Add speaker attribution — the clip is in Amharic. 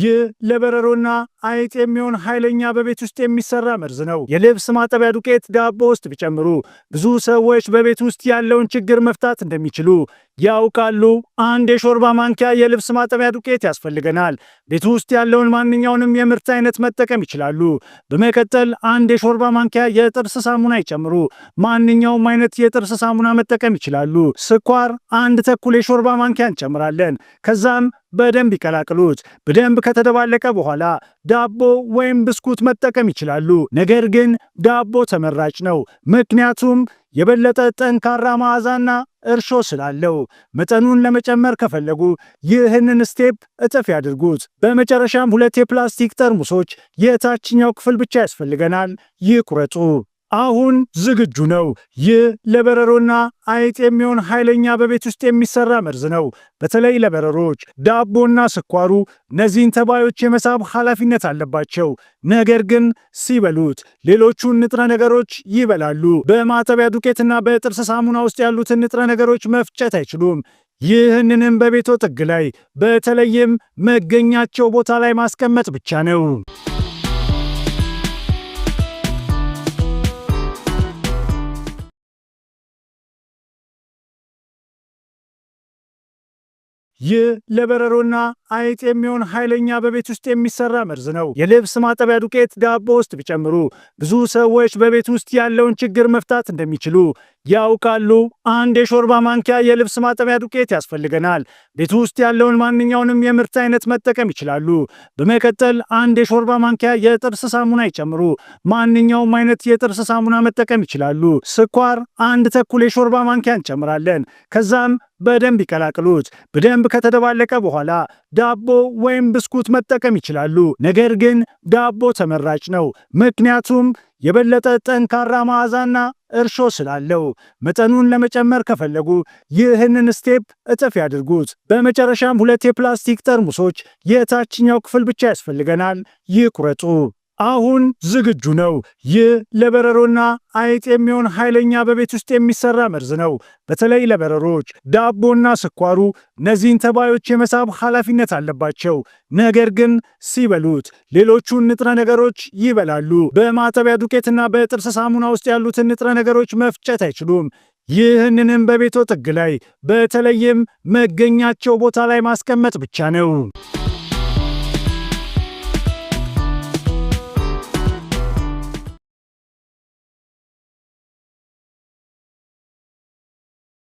Speaker 1: ይህ ለበረሮና አይጥ የሚሆን ኃይለኛ በቤት ውስጥ የሚሰራ መርዝ ነው። የልብስ ማጠቢያ ዱቄት ዳቦ ውስጥ ቢጨምሩ ብዙ ሰዎች በቤት ውስጥ ያለውን ችግር መፍታት እንደሚችሉ ያውቃሉ። አንድ የሾርባ ማንኪያ የልብስ ማጠቢያ ዱቄት ያስፈልገናል። ቤቱ ውስጥ ያለውን ማንኛውንም የምርት አይነት መጠቀም ይችላሉ። በመቀጠል አንድ የሾርባ ማንኪያ የጥርስ ሳሙና ይጨምሩ። ማንኛውም አይነት የጥርስ ሳሙና መጠቀም ይችላሉ። ስኳር አንድ ተኩል የሾርባ ማንኪያ እንጨምራለን። ከዛም በደንብ ይቀላቅሉት። በደንብ ከተደባለቀ በኋላ ዳቦ ወይም ብስኩት መጠቀም ይችላሉ። ነገር ግን ዳቦ ተመራጭ ነው፣ ምክንያቱም የበለጠ ጠንካራ መዓዛና እርሾ ስላለው መጠኑን ለመጨመር ከፈለጉ ይህንን ስቴፕ እጥፍ ያድርጉት። በመጨረሻም ሁለት የፕላስቲክ ጠርሙሶች የታችኛው ክፍል ብቻ ያስፈልገናል። ይቁረጡ። አሁን ዝግጁ ነው። ይህ ለበረሮና አይጥ የሚሆን ኃይለኛ በቤት ውስጥ የሚሰራ መርዝ ነው። በተለይ ለበረሮች ዳቦና ስኳሩ እነዚህን ተባዮች የመሳብ ኃላፊነት አለባቸው። ነገር ግን ሲበሉት ሌሎቹን ንጥረ ነገሮች ይበላሉ። በማጠቢያ ዱቄትና በጥርስ ሳሙና ውስጥ ያሉትን ንጥረ ነገሮች መፍጨት አይችሉም። ይህንንም በቤቶ ጥግ ላይ በተለይም መገኛቸው ቦታ ላይ ማስቀመጥ ብቻ ነው። ይህ ለበረሮና አይጥ የሚሆን ኃይለኛ በቤት ውስጥ የሚሰራ መርዝ ነው። የልብስ ማጠቢያ ዱቄት ዳቦ ውስጥ ቢጨምሩ ብዙ ሰዎች በቤት ውስጥ ያለውን ችግር መፍታት እንደሚችሉ ያውቃሉ። አንድ የሾርባ ማንኪያ የልብስ ማጠቢያ ዱቄት ያስፈልገናል። ቤቱ ውስጥ ያለውን ማንኛውንም የምርት አይነት መጠቀም ይችላሉ። በመቀጠል አንድ የሾርባ ማንኪያ የጥርስ ሳሙና ይጨምሩ። ማንኛውም አይነት የጥርስ ሳሙና መጠቀም ይችላሉ። ስኳር አንድ ተኩል የሾርባ ማንኪያ እንጨምራለን። ከዛም በደንብ ይቀላቅሉት። በደንብ ከተደባለቀ በኋላ ዳቦ ወይም ብስኩት መጠቀም ይችላሉ። ነገር ግን ዳቦ ተመራጭ ነው፣ ምክንያቱም የበለጠ ጠንካራ መዓዛና እርሾ ስላለው መጠኑን ለመጨመር ከፈለጉ ይህንን ስቴፕ እጥፍ ያድርጉት። በመጨረሻም ሁለት የፕላስቲክ ጠርሙሶች የታችኛው ክፍል ብቻ ያስፈልገናል፣ ይቁረጡ። አሁን ዝግጁ ነው። ይህ ለበረሮና አይጥ የሚሆን ኃይለኛ በቤት ውስጥ የሚሰራ መርዝ ነው። በተለይ ለበረሮች ዳቦና ስኳሩ እነዚህን ተባዮች የመሳብ ኃላፊነት አለባቸው። ነገር ግን ሲበሉት ሌሎቹን ንጥረ ነገሮች ይበላሉ። በማጠቢያ ዱቄትና በጥርስ ሳሙና ውስጥ ያሉትን ንጥረ ነገሮች መፍጨት አይችሉም። ይህንንም በቤቶ ጥግ ላይ በተለይም መገኛቸው ቦታ ላይ ማስቀመጥ ብቻ ነው።